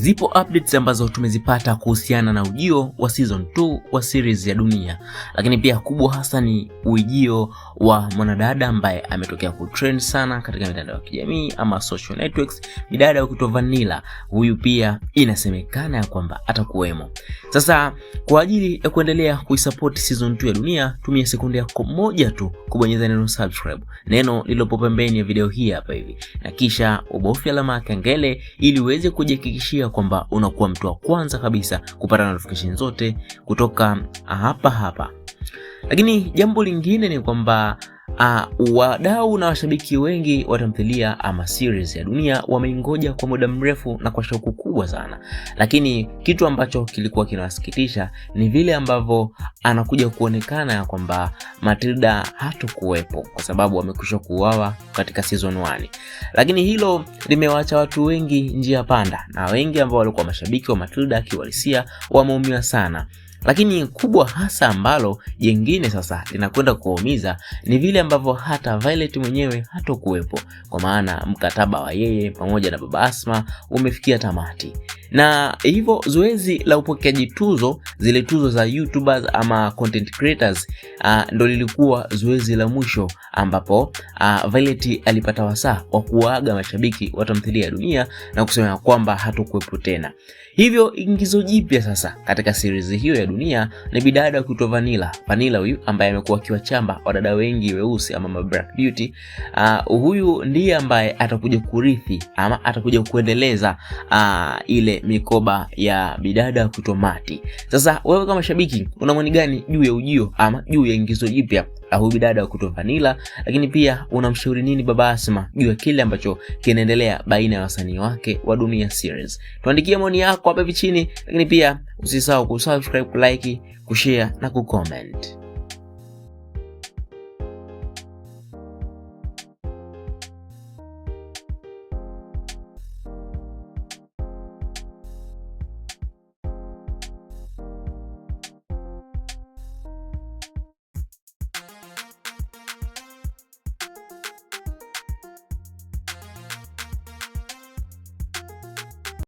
Zipo updates ambazo tumezipata kuhusiana na ujio wa season 2 wa series ya Dunia, lakini pia kubwa hasa ni ujio wa mwanadada ambaye ametokea kutrend sana katika mitandao ya kijamii ama social networks, bidada wakuitwa Vanilla. Huyu pia inasemekana ya kwamba atakuwemo. Sasa kwa ajili ya kuendelea kuisupport season 2 ya Dunia, tumia sekunde yako moja tu kubonyeza neno subscribe, neno lililopo pembeni ya video hii hapa hivi, na kisha ubofya alama ya kengele ili uweze kujihakikishia kwamba unakuwa mtu wa kwanza kabisa kupata notification zote kutoka hapa hapa. Lakini jambo lingine ni kwamba Uh, wadau na washabiki wengi wa tamthilia ama series ya Dunia wameingoja kwa muda mrefu na kwa shauku kubwa sana, lakini kitu ambacho kilikuwa kinawasikitisha ni vile ambavyo anakuja kuonekana ya kwamba Matilda hatokuwepo kwa sababu amekwisha kuuawa katika season 1. Lakini hilo limewaacha watu wengi njia panda, na wengi ambao walikuwa mashabiki wa Matilda kiuhalisia wameumia sana. Lakini kubwa hasa ambalo jengine sasa linakwenda kuwaumiza ni vile ambavyo hata Violet mwenyewe hatokuwepo, kwa maana mkataba wa yeye pamoja na baba Asma umefikia tamati na hivyo zoezi la upokeaji tuzo, zile tuzo za YouTubers ama content creators uh, ndo lilikuwa zoezi la mwisho ambapo uh, Violet alipata wasaa wa kuaga mashabiki wa tamthilia ya Dunia na kusema kwamba hatokuwepo tena. Hivyo ingizo jipya sasa katika series hiyo ya dunia ni bidada wa kuitwa Vanilla. Vanilla huyu ambaye amekuwa akiwachamba wadada wengi weusi ama ma black beauty. Uh, huyu ndiye ambaye atakuja kurithi ama atakuja kuendeleza uh, ile mikoba ya bidada kuitwa Mati. Sasa wewe kama shabiki una maoni gani juu ya ujio ama juu ya ingizo jipya Ah, huyu dada wa kutwa Vanilla, lakini pia unamshauri nini baba Asma juu ya kile ambacho kinaendelea baina ya wasanii wake wa Dunia Series? Tuandikie maoni yako hapa hivi chini, lakini pia usisahau kusubscribe, like, kushare na kucomment.